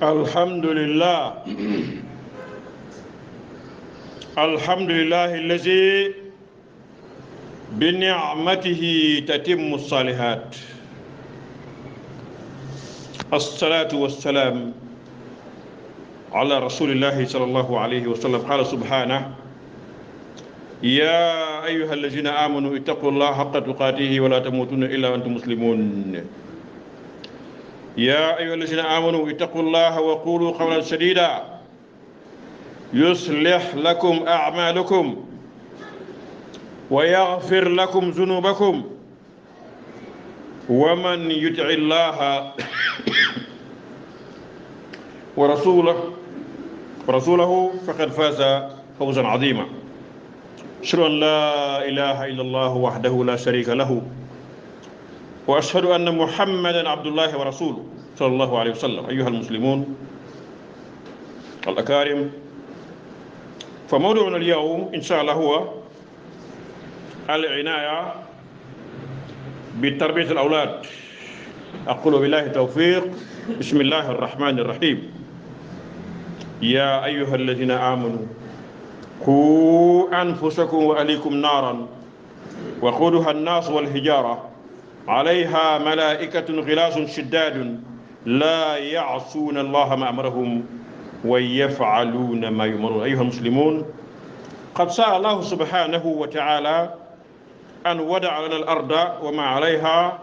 الحمد لله الحمد لله الذي بنعمته تتم الصالحات الصلاة والسلام على رسول الله صلى الله عليه وسلم قال سبحانه يا أيها الذين آمنوا اتقوا الله حق تقاته ولا تموتن إلا وأنتم مسلمون يا أيها الذين آمنوا اتقوا الله وقولوا قولا سديدا يصلح لكم أعمالكم ويغفر لكم ذنوبكم ومن يطع الله ورسوله ورسوله فقد فاز فوزا عظيما أشهد أن لا إله إلا الله وحده لا شريك له وأشهد أن محمدا عبد الله ورسوله صلى الله عليه وسلم أيها المسلمون الأكارم فموضوعنا اليوم إن شاء الله هو العناية بتربية الأولاد أقول بالله توفيق بسم الله الرحمن الرحيم يا أيها الذين آمنوا قوا أنفسكم وأليكم نارا وقودها الناس والحجارة عليها ملائكة غلاظ شداد لا يعصون الله ما أمرهم ويفعلون ما يمرون أيها المسلمون قد سأل الله سبحانه وتعالى أن ودع لنا الأرض وما عليها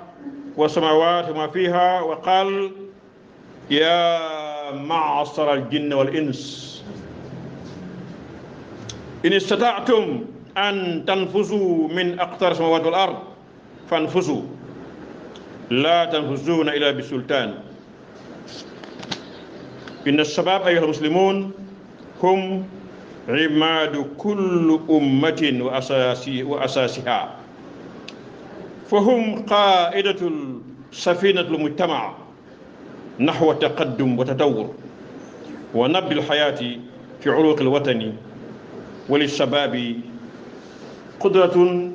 والسماوات وما فيها وقال يا معصر الجن والإنس إن استطعتم أن تنفذوا من أقطار السماوات والأرض فانفذوا لا تنفذون إلا بسلطان إن الشباب أيها المسلمون هم عماد كل أمة وأساسها فهم قائدة سفينة المجتمع نحو تقدم وتطور ونبذ الحياة في عروق الوطن وللشباب قدرة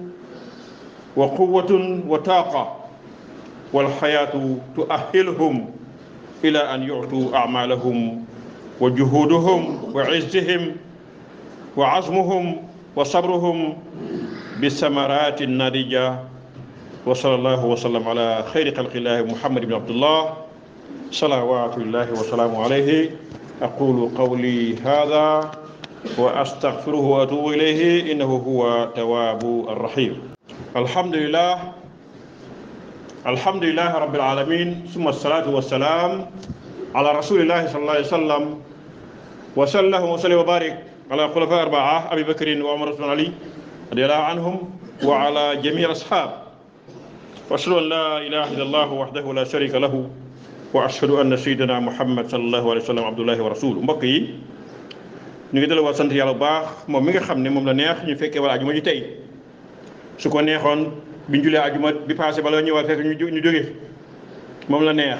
وقوة وطاقة والحياة تؤهلهم إلى أن يعطوا أعمالهم وجهودهم وعزهم وعزمهم وصبرهم بالثمرات الناتجة وصلى الله وسلم على خير خلق الله محمد بن عبد الله صلوات الله وسلامه عليه أقول قولي هذا وأستغفره وأتوب إليه إنه هو تواب الرحيم الحمد لله الحمد لله رب العالمين ثم الصلاة والسلام على رسول الله صلى الله عليه وسلم وسلم وسلم وبارك على الخلفاء أربعة أبي بكر وعمر وعثمان علي رضي الله عنهم وعلى جميع الأصحاب وأشهد أن لا إله إلا الله وحده لا شريك له وأشهد أن سيدنا محمد صلى الله عليه وسلم عبد الله ورسوله مبقي ñu ngi dalawaat على باخ bu baax moom mi nga xam ne moom la neex ñu fekkee biñ julee ajuma bi passé bala ñëwaat fekk ñu ñu jóge moom la neex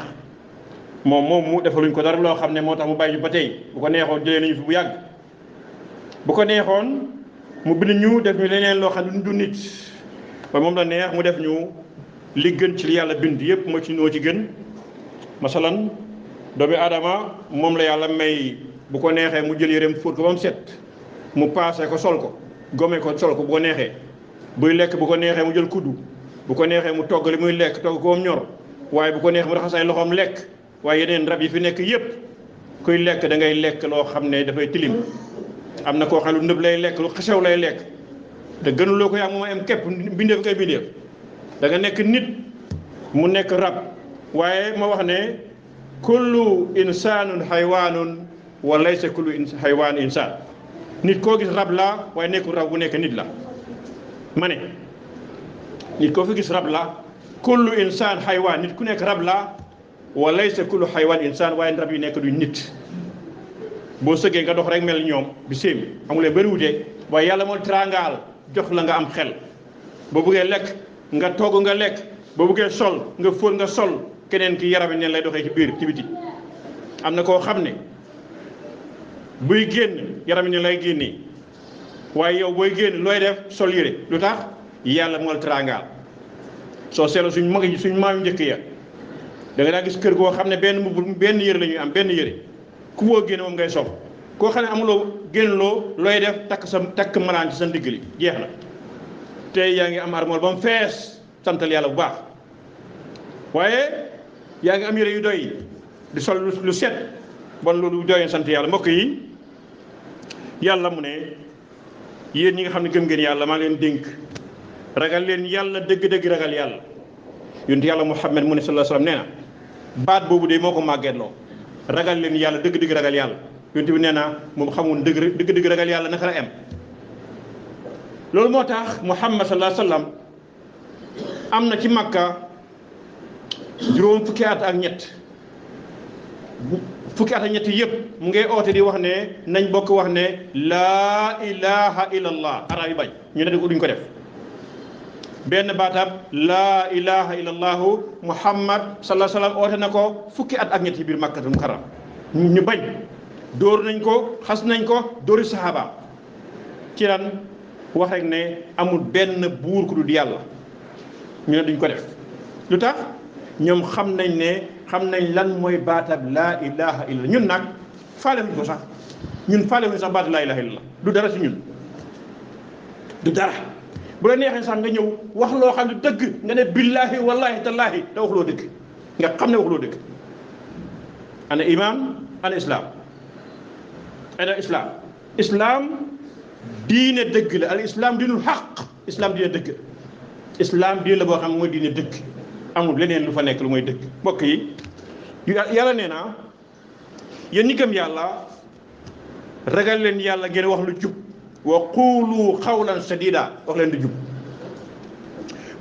moom moom mu defaluñ ko dara loo xam ne moo tax mu bàyyi ñu ba tey bu ko neexoon jëlee nañu fi bu yàgg ko neexoon mu bind ñu def ñu leneen loo xam ne du nit ba moom la neex mu def ñu li gën ci li yàlla bind yëpp moo ci noo ci gën masalan doomi aadama moom la yàlla may bu ko neexee mu jël yëreem fóot ko ba set mu paase ko sol ko gome ko sol ko bu ko neexee buy lekk bu ko neexee mu jël kuddu bu ko neexee mu togg li muy lekk togg koom ñor waaye bu ko neex mu raxas ay loxoom lekk waaye yeneen rab yi fi nekk yépp kuy lekk da ngay lekk loo xam ne dafay tilim am na koo xam lu nëb lay lekk lu xesew lay lekk te gënuloo ko yaa moom am képp mbindeef ngay mbindeef danga nekk nit mu nekk rab waaye ma wax ne kullu insaanun xaywaanun wa laysa kullu xaywaan insaan nit koo gis rab la waaye nekkul rab bu nekk nit la ma ne nit koo fi gis rab la kullu insaan xaywaan nit ku nekk rab la wa sa kullu xaywaan insaan waaye rab yu nekk duñ nit boo sëggee nga dox rek mel ñoom bi séem amulee bëri wute waaye yàlla moo teraangaal jox la nga am xel boo buggee lekk nga togg nga lekk boo buggee sol nga fóot nga sol keneen ki yaram yi neen lay doxee ci biir ci biti am na koo xam ne buy génn yaram yi neen lay génnee waaye yow booy génn looy def sol yére lu tax yàlla moo la teraangaal soo seelo suñ mag yi suñ maam njëkk ya da nga daa gis kër goo xam ne benn mbubb benn yére la ñuy am benn yére ku boo génn moom ngay sol koo xam ne amuloo génn loo looy def takk sa takk malaan ci sa ndigg li jeex na tey yaa ngi am armoire ba mu fees santal yàlla bu baax waaye yaa ngi am yére yu doy di sol lu set bon loolu doyoon sant yàlla mbokk yi yàlla mu ne yéen ñi nga xam ne gëm ngeen yàlla maa leen dénk ragal leen yàlla dëgg-dëgg ragal yàlla yonent yàlla Muhammad mu ne sallallahu alayhi wa sallam nee na baat boobu de moo ko màggeetloo ragal leen yàlla dëgg-dëgg ragal yàlla yonent bi nee na moom xamoon dëgg dëgg-dëgg ragal yàlla na la am loolu moo tax Muhammad sallallahu alayhi wa sallam am na ci Makka juróom fukki at ak ñett fukki at ak ñetti yëpp mu ngay oote di wax ne nañ bokk wax ne laa ilaha illallah arab yi bañ ñu ne duñ ko def benn baatab laa ilaha illallahu muhammad salaa salaam oote na ko fukki at ak ñetti biir makkatul mukarram ñu bañ dóor nañ ko xas nañ ko dóori saxaaba ci wax rek ne amul benn buur ku dul yàlla ñu ne duñ ko def lu tax ñoom xam nañ ne xam nañ lan mooy baatab la ilaha illa ñun nag faale ko sax ñun faale wuñ sax baat laa ilaha illa du dara ci ñun du dara bu la neexee sax nga ñëw wax loo xam ne dëgg nga ne billahi wallahi tallahi da wax loo dëgg nga xam ne wax loo dëgg ana imam ana islam ana islam islam diine dëgg la al islam diinul xaq islam diine dëgg islam diine la boo xam mooy diine dëgg amul leneen lu fa nekk lu mooy dëgg mbokk yi yàlla nee na yéen ñi yàlla ragal leen yàlla ngeen wax lu jub wa quulu xawlan sadida wax leen lu jub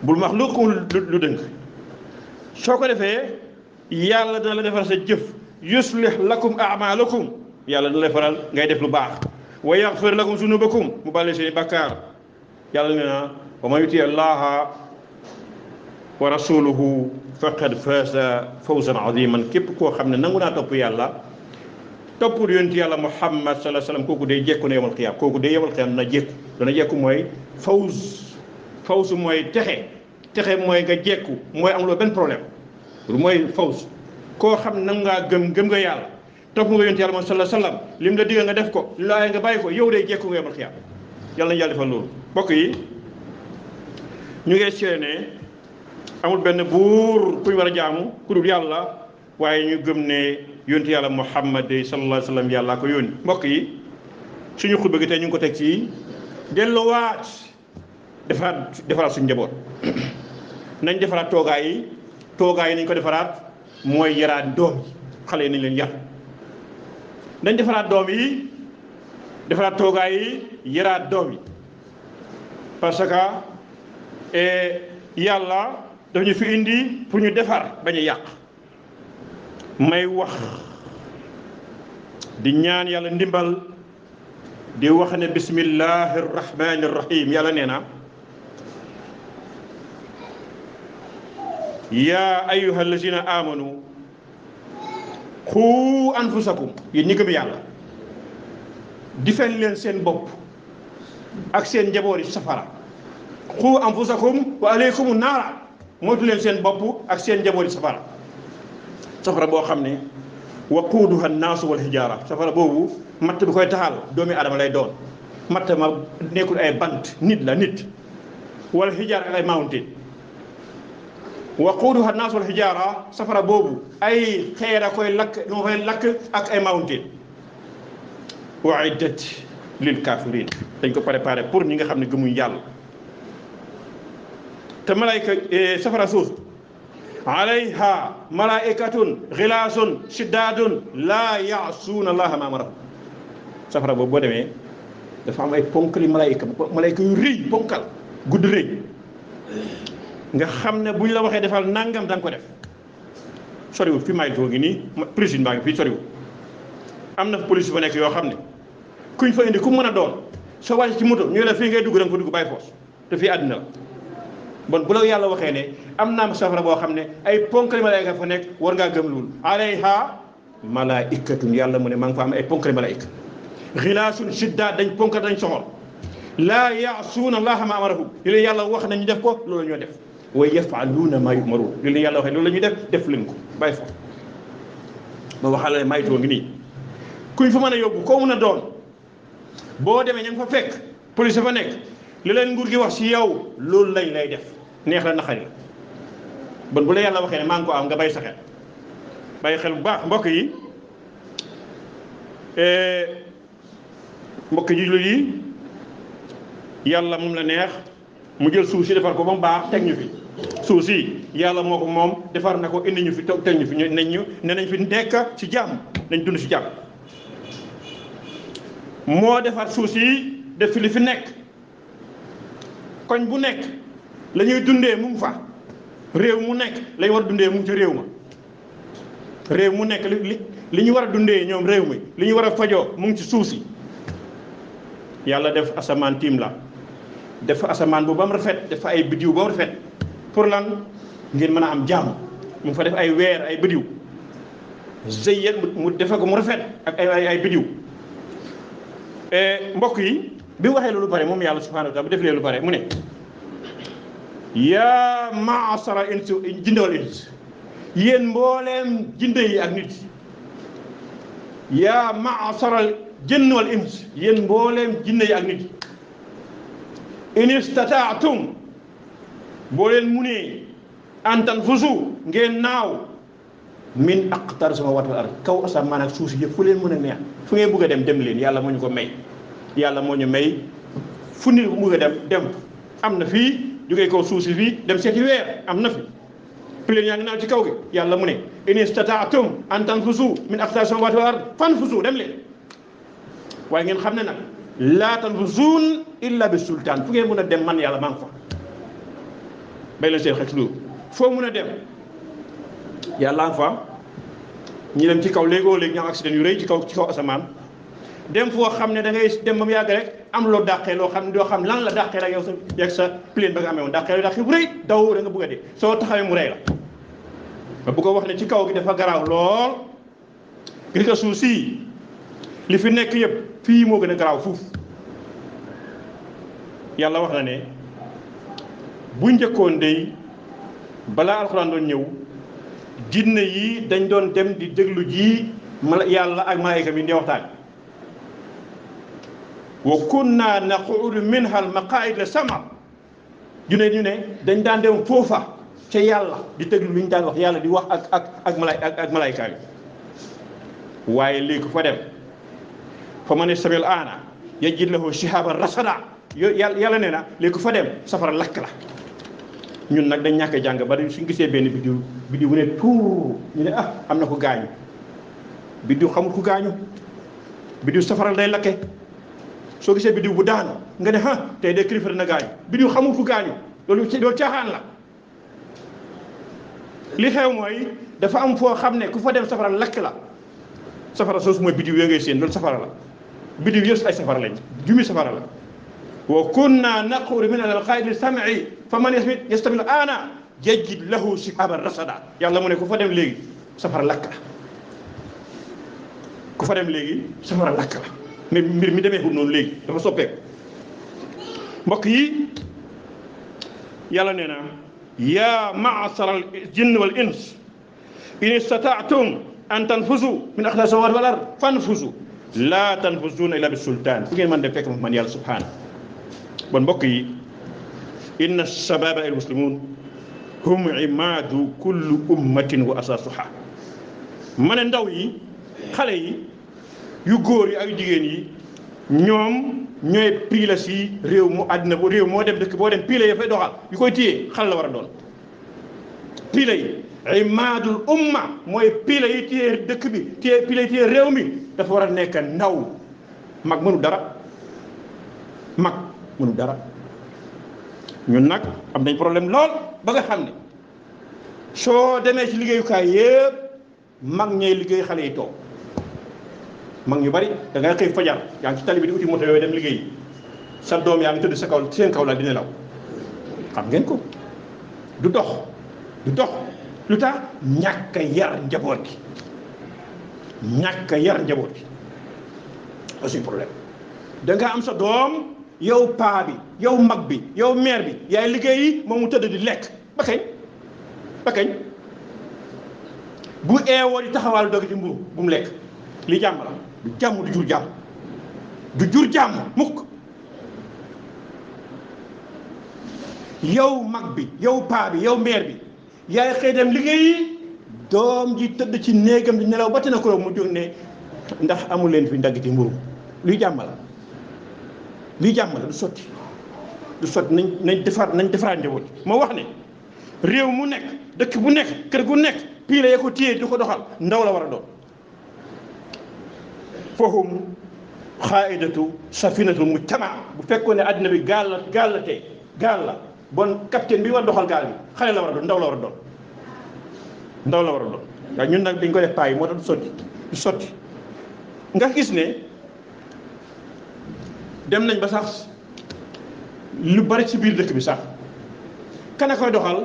bul wax lu ko lu dëng soo ko defee yàlla dana la defaral sa jëf yuslih lakum amalakum yàlla dana la defaral ngay def lu baax wa yaxfir lakum zunubakum mu bàlle seeni bàkkaar yàlla nee wa man yuti allaha wa rasuluhu faqad faaza fawzan aziman képp koo xam ne nangu naa topp yàlla toppul yonent yàlla muhammad sallallahu alayhi wasallam kooku day jekku na yawmal qiyaam kooku day yawmal qiyaam dana jekku dana jekku mooy fawz fawz mooy texe texe mooy nga jekku mooy amuloo benn problème lu mooy fawz koo xam ne nangu ngaa gëm gëm nga yàlla topp nga yonent yàlla moom sallallahu alayhi wasallam lim la digal nga def ko li nga bàyyi ko yow day jekku nga yawmal yàlla nañu loolu mbokk yi ñu ngi seene amul benn buur bu ñu war a jaamu ku dul yàlla waaye ñu gëm ne yonent yàlla Muhammad sallallahu alayhi wa sallam yàllaa ko yónni mbokk yi suñu xutba gi tey ñu ngi ko teg ci delloowaat defaraat defaraat suñu njaboot nañ defaraat toogaay yi toogaay yi nañ ko defaraat mooy yaraat doom yi xale yi nañ leen yar nañ defaraat doom yi defaraat toogaay yi yaraat doom yi parce que eh, yàlla dañu fi indi pour ñu defar mewah a yàq may wax di ñaan yàlla ndimbal di wax ne bismillahi yàlla nee na ayuha ya amanu ku anfusakum yi ñi gëm yàlla bob leen seen bopp ak seen safara xuu anfusakum wa alaykum nara moytu leen seen bopp ak seen njabooti safara safara boo xam ne waquuduha naasu wal hijaara safara boobu matt bi koy taxal doomi adama lay doon matt ma nekkul ay bant nit la nit wal hijaara ak ay mountain waquuduha naasu wal hijaara safara boobu ay xeer a koy lakk moo koy lakk ak ay mountain wa iddat lil kaafiriin dañ ko préparé pour ñi nga xam ne gëmuñ yàlla te malayka eh, safara suus alayha malaikatun xilaasun shiddaadun laa yaasuuna allaha ma amarahu safara boobu boo demee dafa am ay ponkali malayka malayka yu rëy ponkal guddi rëy nga xam ne bu ñu la waxee defal nangam da ko def soriwul fi may too ngi nii prison baa ngi fii soriwul am na fa police fa nekk yoo xam ne kuñ fa indi ku mën a doon soo wàcc ci moto ñu la fii ngay dugg da nga fa dugg bàyyi foos te fii àddina la bon bu la yàlla waxee ne am naa safara boo xam ne ay ponkali nga fa nekk war ngaa gëm loolu alayha malaikatun yàlla mu ne maa ngi fa am ay ponkali malaika xilaasun shidda dañ ponk dañ soxor la yaasuuna allaha ma amarahum li leen yàlla wax nañu def ko loolu la ñoo def way yafaluuna ma yumaruun li leen yàlla waxee loolu la ñuy def def leen ko bàyyi fa ma waxal la maytoo ngi nii kuy fa mën a yóbbu koo mun a doon boo demee ña nga fa fekk police fa nekk li leen nguur gi wax si yow loolu lañ lay def neex la naqari la bu la yàlla waxee ne maa ngi ko am nga bay sa xel xel bu baax mbokk yi eh, mbokk jullit yi yàlla moom la neex mu jël suuf si defar ko ba mu baax teg ñu fi suuf si yàlla moo ko moom defar na ko indi ñu fi teg ñu fi ñu ne ñu ne nañ fi nekk ci jàmm nañ dund ci jàmm moo defar suuf si def fi li fi nekk koñ bu nekk. la ñuy dundee mu fa réew mu nekk lañ war dundee mu ngi ci réew ma réew mu nekk li li ñu war a dundee ñoom réew mi li ñu war a fajoo mu ngi ci suuf si yàlla def asamaan tiim la def fa asamaan bu ba mu rafet def ay bidiw ba mu rafet pour lan ngir mën a am jàmm mu fa def ay weer ay bidiw zëyyat mu defe ko mu rafet ak ay ay bidiw eh, mbokk yi bi waxee loolu pare moom yàlla subhanahu wa taala bu def lee lu pare mu ne yaa maasara insi jinde wal ins yéen mbooleem jinde yi ak nit yi yaa maasara jinn wal ins yéen mbooleem jinne yi ak nit yi in istataatum boo leen munee an ngeen naaw min aqtar sama waat wal ard kaw asamaan ak suus si yëpp fu leen mën a neex fu ngeen bëgg dem dem leen yàlla moo ñu ko may yàlla moo ñu may fu nit bëgg dem dem am na fii jógee ko suuf si fii dem seeti weer am na fi pléne yaa ngi naaw ci kaw gi yàlla mu ne in istataatum an tanfusu min aqtaari samaawaati wal ard fanfusu dem leen waaye ngeen xam ne nag laa tanfusuun illa bi sultaan fu ngeen mën a dem man yàlla maa ngi fa bay leen seen xel ci foo mun a dem yàlla nga fa ñi dem ci kaw léegoo léegi ñoo am yu rëy ci kaw ci kaw asamaan dem foo xam ne da ngay dem ba mu yàgg rek am loo dàqee loo xam ne doo xam lan la dàqee la yow sa yeeg sa plaine ba nga amee woon dàqee la dàqee bu rëy daw da nga bëgg a dee soo taxawee mu rey la bu ko a wax ne ci kaw gi dafa garaaw lool gis nga suuf sii li fi nekk yëpp fii moo gën a garaaw fuuf yàlla wax na ne bu njëkkoon day balaa alxuraan doon ñëw jinne yi dañ doon dem di déglu ji mala yàlla ak malaayika bi di waxtaan wa kunna naquudu minha al la sama ñu ne ñu ne dañ daan dem foofa ca yàlla di déglu li ñu daan wax yàlla di wax ak ak ak malay ak malayka yi waaye léegi fa dem fa ma ne sabil aana yajid lahu shihaban rasada yàlla yàlla nee na léegi fa dem safara lakk la ñun nag dañ ñàkk jàng ba suñ gisee benn biddiw biddiw bu ne tuur ñu ne ah am na ko gaañu biddiw xamul ku gaañu biddiw safara day lakke soo gisee biddiw bu daanu nga ne ah tey de kilifa na gaañu biddiw xamul fu gaañu loolu loolu caaxaan la li xew mooy dafa am foo xam ne ku fa dem safara lakk la safara soosu mooy biddiw yooyu safara la biddiw yëpp ay safara lañ jumi safara la wa kunna naquru fa man yastami'il aana yajid lahu shihaaban rasada yàlla mu ne ku fa dem léegi safara lakk la ku fa dem léegi safara lakk la mais mbir mi demeekul noonu léegi dafa soppeeku mbokk yi yàlla nee na yaa maasar al jinn wal ins in istataatum an tanfusu min axla samawat wal ard fanfusu laa tanfusuuna illa bi sultaan fu ngeen mën dem fekk ma man yàlla subhaana bon mbokk yi inna shababa al muslimun hum imaadu kulli ummatin wa asaasuha ma ne ndaw yi xale yi yu góor yi ak yu jigéen yi ñoom ñooy piila si réew mu àddina bu réew moo dem dëkk boo dem piila ya fay doxal yu koy téye xal la war a doon piila yi imaadul umma mooy piila yi téye dëkk bi téye piila yi téye réew mi dafa war a nekk ndaw mag mënu dara mag mënu dara ñun nag am nañ problème lool ba nga xam ne soo demee ci liggéeyukaay yëpp mag ñay liggéey xale yi toog mag ñu bari da ngay xey fajar yaa ngi ci di uti moto yooyu dem liggéey sa doom yaa ngi tëdd sa kaw seen kaw la di nelaw xam ngeen ko du dox du dox lu tax ñàkk yar njaboot gi ñàkk yar njaboot gi aussi problème da nga am sa doom yow paa bi yow mag bi yow maire bi yaay yi moom mu tëdd di lekk ba kañ ba kañ bu eewoo di taxawal dog ci mburu bu mu lekk li la du jàmm du jur jàmm du jur jàmm mukk yow mag bi yow paa bi yow meer bi yaay xëy dem liggéeyi doom ji tëdd ci néegam di nelaw ba te na ko mu jóg ne ndax amul leen fi ndagg ci mburu luy jàmm la luy jàmm la du sotti du sotti nañ nañ defar nañ defaraat njaboot moo wax ne réew mu nekk dëkk bu nekk kër gu nekk pii la ya ko téye di ko doxal ndaw la war a doon fahum xaaidatu safinatul mujtamaa bu fekkoon ne àddina bi gaal la gaal la tey gaal la bon capitaine bi war doxal gaal bi xale la war a doon ndaw la war a doon ndaw la war a doon waaye ñun nag dañ ko def paay moo tax du sotti du sotti nga gis ne dem nañ ba sax lu bari ci biir dëkk bi sax kana koy doxal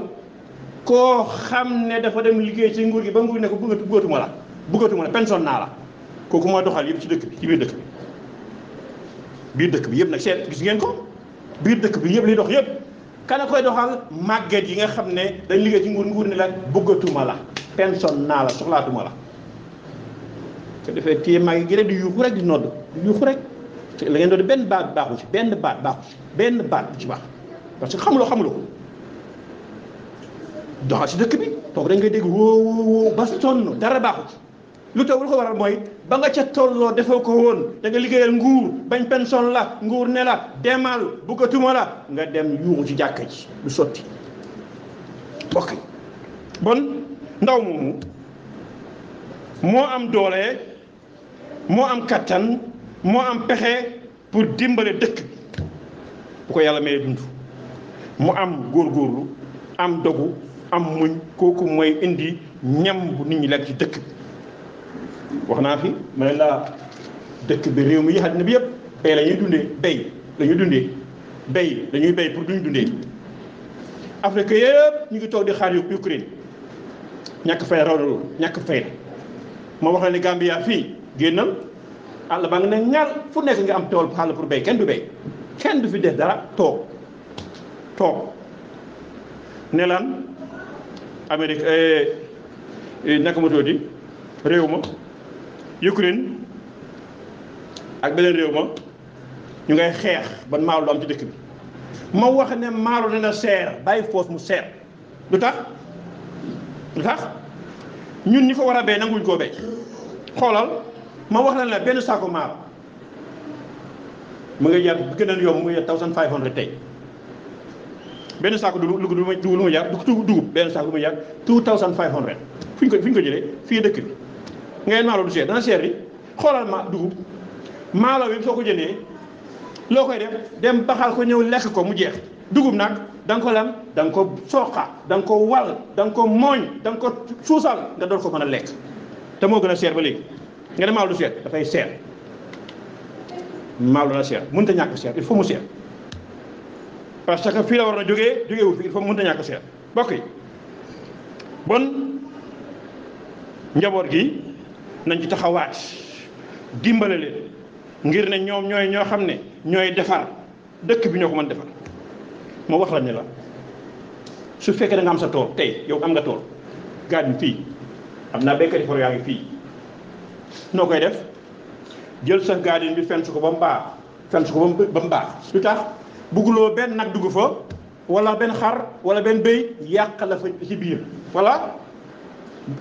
koo xam ne dafa dem liggéey ci nguur gi ba nguur ne ko bëggatu bëggatuma la bëggatuma la pension naa la kooku moo doxal yëpp ci dëkk bi ci biir dëkk bi biir dëkk bi yëpp nag seet gis ngeen ko biir dëkk bi yëpp liy dox yëpp kana koy doxal màgget yi nga xam ne dañ liggéey ci nguur nguur ni la bëggatuma la pension naa la soxlaatuma la te defee téye màgget gi rek di yuuxu rek di nodd di yuuxu rek la ngeen doon benn baat baaxul ci benn baat baaxu ci benn baat bu ci baax parce que xamuloo xamuloo ko doxal si dëkk bi toog dañ ngay dégg woo woo woo ba sonn dara baaxu lu taw lu ko waral mooy ba nga ca tolloo defoo ko woon danga nga liggéeyal nguur bañ pension la nguur ne la demal bëggatuma la nga dem yuuxu ci jàkka ji lu sotti bokk bon ndaw moomu moo am doole moo am kattan moo am pexe pour dimbale dëkk bi bu ko yàlla may dund mu am góorgóorlu am dogu am muñ kooku mooy indi ñam bu nit ñi lekk ci dëkk bi wax naa fi ma ne laa dëkk bi réew mi yi àddina bi yëpp bay la ñuy dundee bay la ñuy dundee bay dañuy bay pour duñ dundee Afrique yëpp ñu ngi toog di xaar yu Ukraine ñàkk fay raw ñàkk fay la ma wax la ne Gambia fii génnal àll ba nga ne ñaar fu nekk nga am tool xàll pour bay kenn du bay kenn du fi def dara toog toog ne lan Amérique eh, eh, naka réew ma Ukraine ak beneen réew ma ñu ngay xeex ban maalo du am ci dëkk bi ma wax ne maalo na seer bàyyi foofu mu seer lu tax du tax ñun ñu fa war a béy nanguñ koo béy xoolal ma wax la ne benn saako maalo mu ngi jar bi gën a yomb mu ngi jar thousand five hundred tey benn saako du lu lu ma jar dugub benn saako lu ma jar two thousand five hundred fu ñu ko fu ñu ko jëlee fii dëkk bi ngay malo du cher dans cher bi xolal ma dugub malo bi soo ko jëndee koy def dem baxal ko ñew lek ko mu jeex dugub nak dang ko lam dang ko soxa dang ko wal dang ko moñ dang ko susal nga dor ko mëna lek lekk te moo gën cher ba léegi nga malo maalo du cher fay cher malo la cher ta ñak cher il faut mu cher parce que fi la war joggé joggé wu fi il faut mënta ñàkk cher bokk bon njabor gi nañ ci taxawaat dimbale leen ngir ne ñoom ñooy ñoo xam ne ñooy defar dëkk bi ñoo ko mën defar ma wax la ne la su fekkee da am sa tool tey yow am nga tool garab bi fii am naa béykat yi for yaa ngi fii noo koy def jël sa garden bi fenn su ko ba mu baax fenn su ko ba mu baax lu tax bugguloo benn nag dugg fa wala benn xar wala benn béy yàq la fa ci biir wala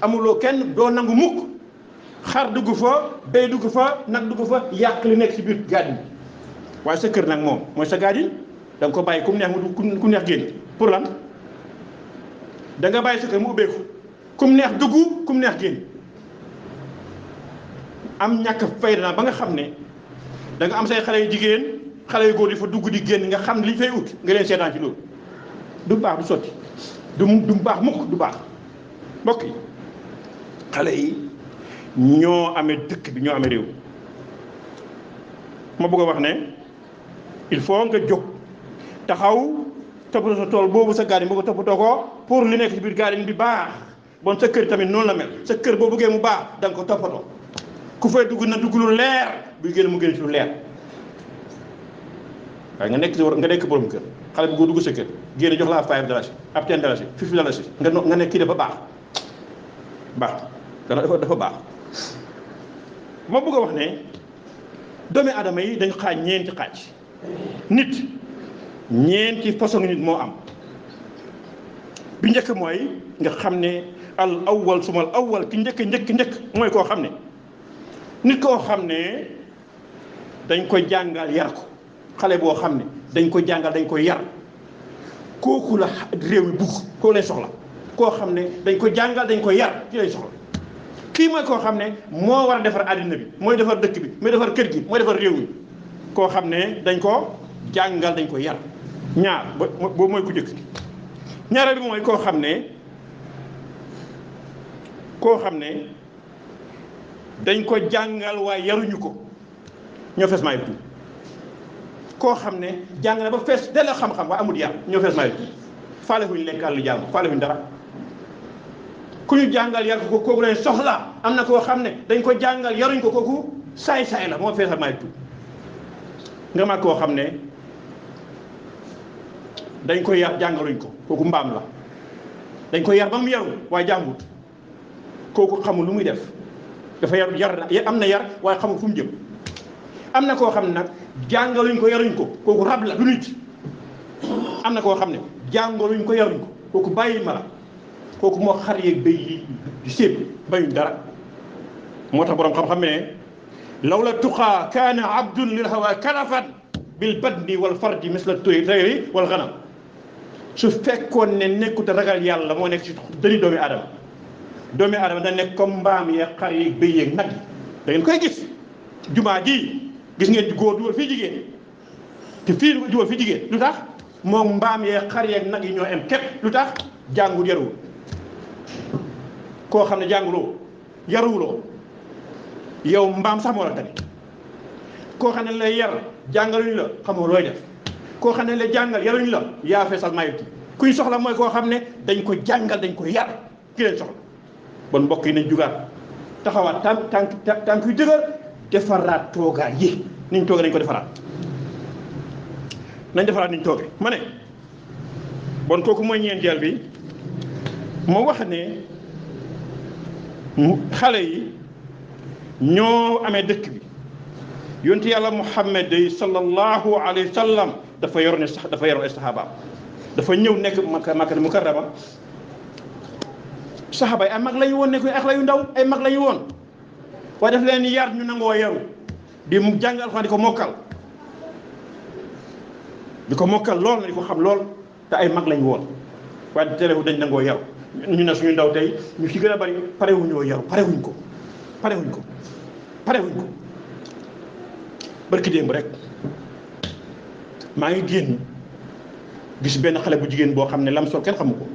amuloo kenn doo nangu mukk xar dugg fa béy dugg fa nag dugg fa yàq li nekk ci biir gardin waaye sa kër nag moom mooy sa gardin da ko bàyyi ku mu neex mu dugg ku neex génn pour lan da bàyyi sa kër mu ubbeeku neex dugg ku mu am ñàkk fayda na ba nga xam ne danga am say xale yu jigéen xale yu góor yi fa dugg di génn nga xam ne liñ fay ut nga leen seetaan ci loolu du baax du sotti du du baax mukk du baax mbokk xale yi. ñoo amee dëkk bi ñoo amee réew ma bëgg a wax ne il faut nga jóg taxaw toppatoo sa tool boobu sa garden ko toppatoo ko pour li nekk ci biir garden bi baax bon sa kër tamit noonu la mel sa kër boo bëggee mu baax danga ko toppatoo ku fay dugg na dugg lu leer buy génn mu génn ci lu leer waaye nga nekk nga nekk borom kër xale bu góor dugg sa kër génn jox la ab five dalasi ab ten dalasi fifty dalasi nga nga nekk kii dafa baax baax dana dafa dafa baax ma bëgg a wax ne doomi aadama yi dañu xaaj ñeenti xaaj nit ñeenti façon nit moo am bi njëkk mooy nga xam ne al awwal sumal awwal ki njëkk njëkk njëkk mooy koo xam ne nit koo xam ne dañ koy jàngal yar ko xale boo xam ne dañ ko jàngal dañ koy yar kooku la réew mi bugg koo lay soxla koo xam ne dañ ko jàngal dañ koy yar ci lay soxla kii mooy koo xam ne moo war a defar àddina bi mooy defar dëkk bi mooy defar kër gi mooy defar réew mi koo xam ne dañ ko jàngal dañ ko yar ñaar boobu mooy ku njëkk ñaareel bi koo xam ne koo xam ne dañ ko jàngal waaye yaruñu ko ñoo fees maay tuuti koo xam ne jàng ba fees delloo xam-xam waaye amul yar ñoo fees maay tuuti faale fu ñu lekk àll jàmm faale ñu dara. ku ñu jàngal yar ko kooku lañ soxla am na koo xam ne dañ ko jàngal yaruñ ko kooku saay-saay la moo feesa maay tu nga mag koo xam ne dañ ko yar jàngaluñ ko mbaam la dañ ko yar ba jàngut kooku xamul lu muy def dafa yaru yar am na yar waaye xamul fu mu na koo xam ne nag jàngaluñ ko yaruñ ko kooku rab la du nit am na koo xam ne jàngaluñ ko yaruñ ko kooku bàyyi ma la kooku moo xar yeeg béy yi sépp bayuñ dara moo borom xam-xam ne law la tuqaa abdun lil hawa kalafan bil badni wal fardi misla tayri wal xanam su fekkoon ne nekkut ragal yàlla moo nekk ci dëri doomi aadama doomi aadama da nekk comme mbaam yeeg xar yeeg béy yeeg nag da ngeen koy gis jumaa ji gis ngeen góor duwal fii jigéen te fii duwal fii jigéen lu tax moom mbaam xar yeeg nag ñoo em képp lu tax jàngu koo xam ne jànguloo yaruwuloo yow mbaam sax moo la tamit koo xam ne lay yar jàngaluñu la xamoo looy def koo xam ne lay jàngal yaruñu la yaa feesal maayut kuy soxla mooy koo xam ne dañ ko jàngal dañ ko yar ki leen soxla bon mbokk yi nañ jugaat taxawaat tànk tànk tànk yu dëgër defaraat toogaay yi niñ toogee nañ ko defaraat nañ defaraat niñ toogee ma ne bon kooku mooy ñeenteel bi mu wax ne xale yi ñoo amee dëkk bi yontu yàlla muhammad day sallallahu alayhi wa sallam dafa yor ne sax dafa yor ay saxaabaam dafa ñëw nekk makka makka mukarrama saxaaba yi ay mag la ñu woon nekk ak la yu ndaw ay mag la ñu woon waaye daf leen yar ñu nangoo yaru di jàng alxuraan di ko mokkal di ko mokkal lool na di ko xam lool te ay mag lañu woon waaye terewul dañ nangoo yaru ñu ne suñu ndaw tey ñu ci gën a bari parewuñoo yaru parewuñ ko parewuñ ko parewuñ ko barki démb rek maa ngi génn gis benn xale bu jigéen boo xam ne lam sol kenn xamu ko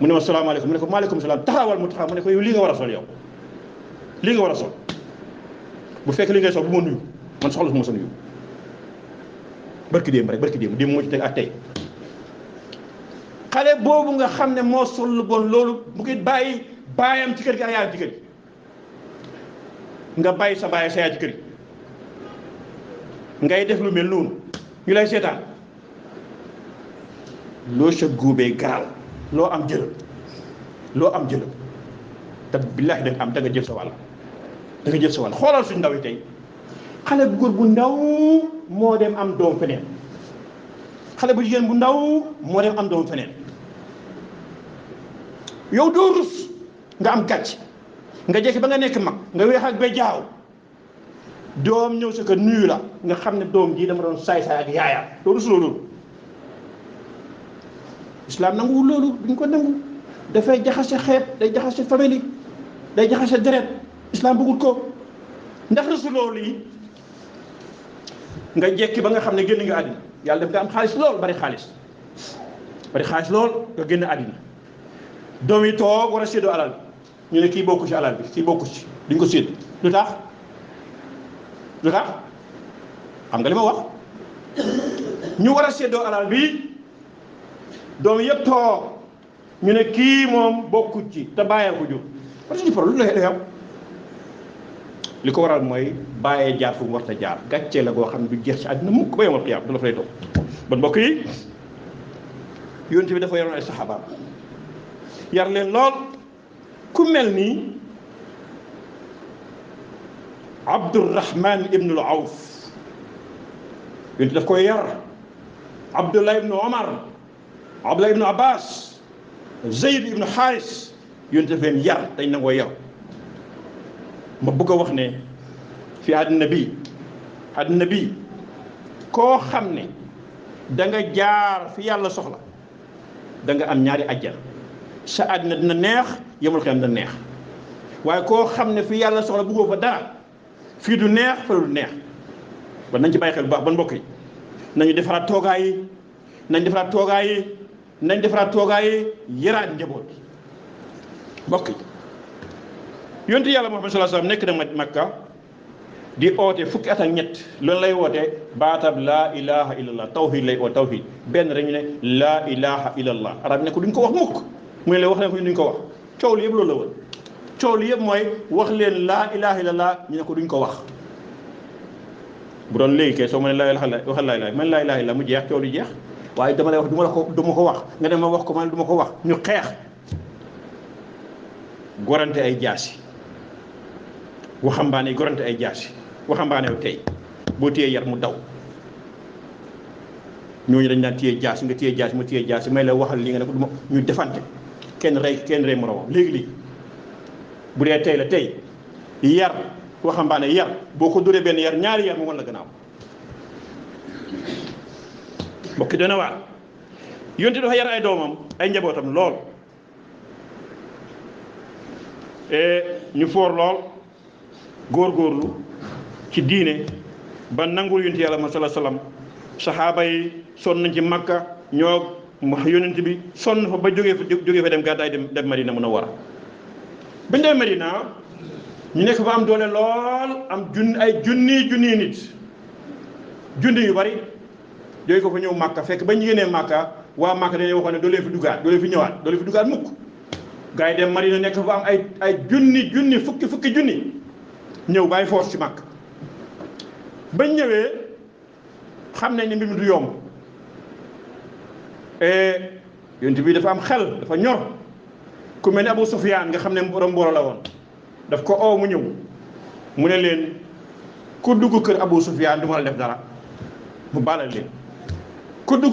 mu ne ma salaamaaleykum mu ne ko maaleykum salaam taxawal mu taxaw mu ne ko yow lii nga war a sol yow lii nga war a sol bu fekk li ngay sol bu ma nuyu man soxla su ma sa nuyu barki démb rek barki démb démb moo ci teg ak tey xale boobu nga xam ne moo sol lu bon loolu mu bàyyi baayam ci kër gi ak yaayam ci kër gi nga bàyyi sa baay sa yaay ci kër gi ngay def lu mel noonu ñu lay seetaan loo sa góobee garal loo am jëlal loo am jëlal te billaahi da nga am da nga jël sa wàll da jël sa wàll xoolal suñ ndaw yi tey xale bu góor bu ndaw moo dem am doom feneen xale bu jigéen bu ndaw moo dem am doom feneen yow doo rus nga am gàcc nga jekki ba nga nekk mag nga weex ak ba jaaw doom ñëw sa ko nuyu la nga xam ne doom jii dama doon saay-saay ak yaaya doo rus loolu islam nanguwul loolu duñ ko nangu dafay jaxase xeet day jaxase famille day jaxase deret islam bëggul ko ndax rus loolu yi nga jekki ba nga xam ne génn nga àddina yàlla def nga am xaalis lool bari xaalis bari xaalis lool nga génn àddina doom yi toog war a séddoo alal bi ñu ne kii bokku ci alal bi kii bokku ci duñ ko sédd lu tax lu tax xam nga li ma wax ñu war a seddoo alal bi doom yëpp toog ñu ne kii moom bokku ci te bàyyee ko jur parce que problème la li ko waral mooy bàyyee jaar fu mu jaar gàccee la goo xam ne du jeex ci àddina mukk ba yomal xiyaam du la fay toog bon mbokk yi yonent bi dafa yoroon ay saxaabaam yar leen lool ku mel ni abdurahman ibnul awf yonent daf koy yar abdullah ibnu omar abdullah ibnu abbas zeyd ibnu xaaris yonent daf leen yar dañ nangoo yar ma bëgg a wax ne fi àddina bi àddina bi koo xam ne da nga jaar fi yàlla soxla da nga am ñaari ajjana sa àddina dina neex yemul xiyam dina neex waaye koo xam ne fi yàlla soxla bëggoo fa dara fii du neex fa du neex ba nañ ci bàyyi xel bu baax ban mbokk yi nañu defaraat toogaay yi nañ defaraat toogaay yi nañ defaraat toogaay yi yaraat njaboot mbokk yi yontu yàlla Muhammad sallallahu alayhi wasallam nekk na Makka di oote fukki at ak ñett loolu lay woote baatab laa ilaha illallah tawhid lay oo tawhid benn rek ñu ne laa ilaha illallah arab ne ko duñ ko wax mukk mu ne leen wax leen ko ñu duñ ko wax coow li yëpp loolu la woon coow li yëpp mooy wax leen laa ilaha illallah ñu ne ko duñ ko wax bu doon léegi kay soo ma ne laa ilaha waxal laa ilaha man laa ilaha illallah mu jeex coow lu jeex waaye dama lay wax du ma ko du ko wax nga ne ma wax ko man du ma ko wax ñu xeex gorante ay jaasi waxambaane gorante ay jaasi waxambaane wu tey boo téyee yar mu daw ñooñu dañ daan téye jaasi nga téye jaasi ma téye jaasi may la waxal li nga ne ko du ma ñu defante kenn rey kenn rey moroomam léegi-léegi bu dee tey la tey yar waxambaane yar boo ko duree benn yar ñaari yar mu wan la gannaaw mbokki doona waar yonte yar ay doomam ay njabootam lool e ñu foor lool góorgóorlu ci diine ba nangul yonte yàlla ma sala salaam saxaaba yi sonn ci makka ñoo mu yónent bi sonn fa ba jógee fa jógee fa dem gàddaay dem dem Madina mun a war a biñ dem Madina ñu nekk fa am doole lool am junni ay junni junni nit junni yu bari jógee ko fa ñëw Màkka fekk ba ñu génnee waa Màkka dañuy waxoon ne doo leen fi fi ñëwaat doo mukk gaa yi dem Madina nekk fa am ay ay junni junni fukki fukki junni ñëw bàyyi force ci Màkka bañ ñëwee xam nañ ne mbir mi du yomb. Eh, yonent bi dafa am xel dafa ñor ku mel ni Abu Sufyaan nga xam ne borom mbooloo la woon daf ko oo mu ñëw mu ne leen ku dugg kër Abu Sufyaan def dara mu baalal leen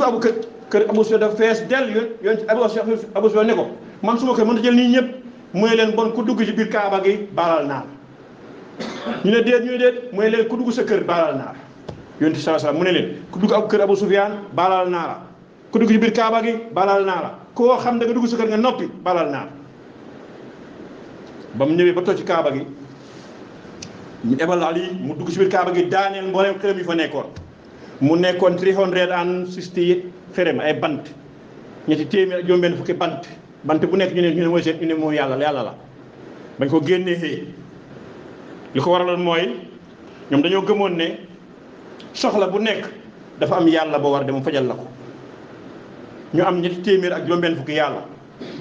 abu kër kër Abu Sufyaan dafa fees dell yoon Abu Sufyaan ko man mën ta jël nii ñëpp mu ne leen bon ku dugg ci biir Kaaba gi baalal ñu ne déet ñu ne déet mu sa kër baalal naa la yonent mu ne leen ku dugg ab kër Abu Sufyaan baalal naa ku dugg ci biir Kaaba gi balal naa la koo xam ne nga dugg sa kër nga noppi balal naa la ba mu ñëwee ba toj ci Kaaba gi ñu ebal Ali mu dugg si biir Kaaba gi daaneel mboolem xërëm yi fa nekkoon mu nekkoon three hundred and sixty xërëm ay bant ñetti téeméer ak juróom-benn fukki bant bant bu nekk ñu ne ñu ne mooy yàlla yàlla la bañ ko génnee li ko waraloon mooy ñoom dañoo gëmoon ne soxla bu nekk dafa am yàlla boo war dem mu fajal la ko. ñu am ñetti téeméer ak juróom-benn fukki yàlla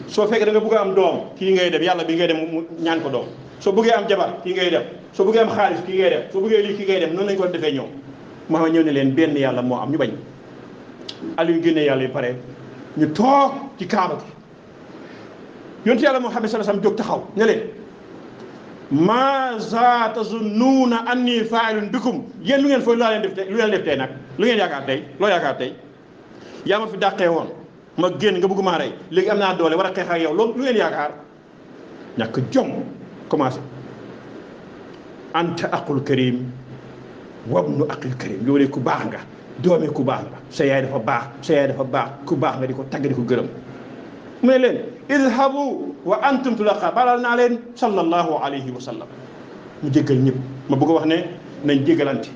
soo fekkee da nga bëgg am doom kii ngay dem yàlla bi ngay dem mu ñaan ko doom soo bëggee am jabar kii ngay dem soo bëggee am xaalis kii ngay dem soo bëggee lii kii ngay dem noonu lañu ko defee ñoom moo xam ñëw ne leen benn yàlla moo am ñu bañ Aliou génnee yàlla yu pare ñu toog ci kaaba gi yontu yàlla Muhammad sallallahu alayhi wasallam jóg taxaw ne leen ma za tazunnuuna anni fa'ilun bikum yéen lu ngeen fooy lu laa leen def tey lu leen def tey nag lu ngeen yaakaar tey loo yaakaar tey yaa ma fi dàqee woon ma génn nga bëgg maa rey léegi am naa doole war a xeex ak yow loolu lu ngeen yaakaar ñàkk jom commencé anta aqul karim wabnu aqil karim yow de ku baax nga doomi ku baax nga sa yaay dafa baax sa yaay dafa baax ku baax nga di ko tagg di ko gërëm mu ne leen idhabu wa antum tulaqa balal naa leen sallallahu alayhi wa sallam mu jéggal ñépp ma bëgg wax ne nañ jéggalante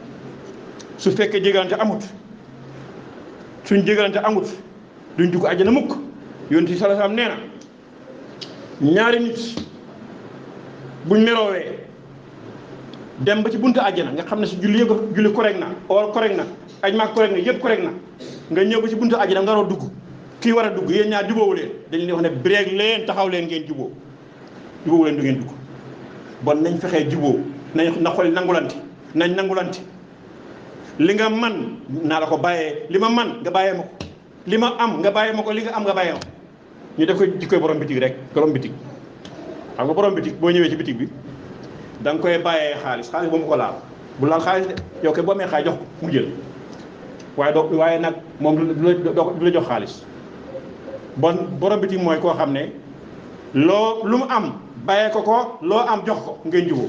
su fekkee jéggalante amut suñ jéggalante amut duñ dugg àjjana mukk yonent bi salaam nee na ñaari nit buñ meroowee dem ba ci bunt àjjana nga xam ne si julli yëpp julli correct na or correct na aj maak correct na yëpp correct na nga ñëw ba ci bunt àjjana nga war a dugg kii war a dugg yéen ñaar jubóowu leen dañ wax ne breeg leen taxaw leen ngeen jubóo jubóowu leen du ngeen dugg bon nañ fexee juboo nañ na xol nangulante nañ nangulante li nga man naa la ko bàyyee li ma man nga bàyyee ma ko lima am nga baye mako li nga am nga baye ma ñu def ko koy borom bitik rek borom bitik xam nga borom bitik bo ñewé ci bitik bi dang koy baye xaaliss xaaliss bu mu ko laal bu laal xaaliss yow kay bo me xaalis jox mu jël waye do waye nak mom du la jox xaaliss bon borom bitik moy ko xam ne lu mu am baye ko ko lo am jox ko ngeen jubóo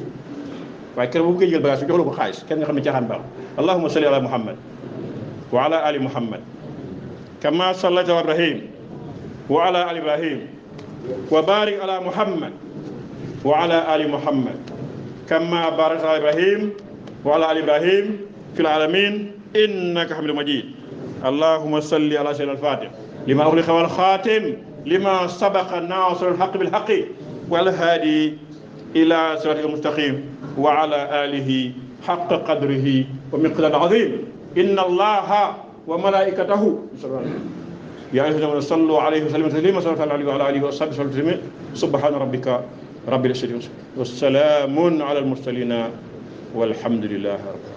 waye kër bu ngay jël bagage jox lu ko xaaliss kenn nga xam ci xam ba allahumma salli ala muhammad wa ala ali muhammad كما صليت ابراهيم وعلى آل إبراهيم وبارك على محمد وعلى آل محمد كما باركت على إبراهيم وعلى آل إبراهيم في العالمين إنك حميد مجيد اللهم صل على سيدنا الفاتح لما أغلق والخاتم لما سبق ناصر الحق بالحق والهادي إلى صراط المستقيم وعلى آله حق قدره ومقدار عظيم إن الله وملائكته يا أيها الذين صلوا عليه وسلم تسليما صلى الله عليه وعلى آله وصحبه وسلم سبحان ربك رب العزة والسلام على المرسلين والحمد لله رب العالمين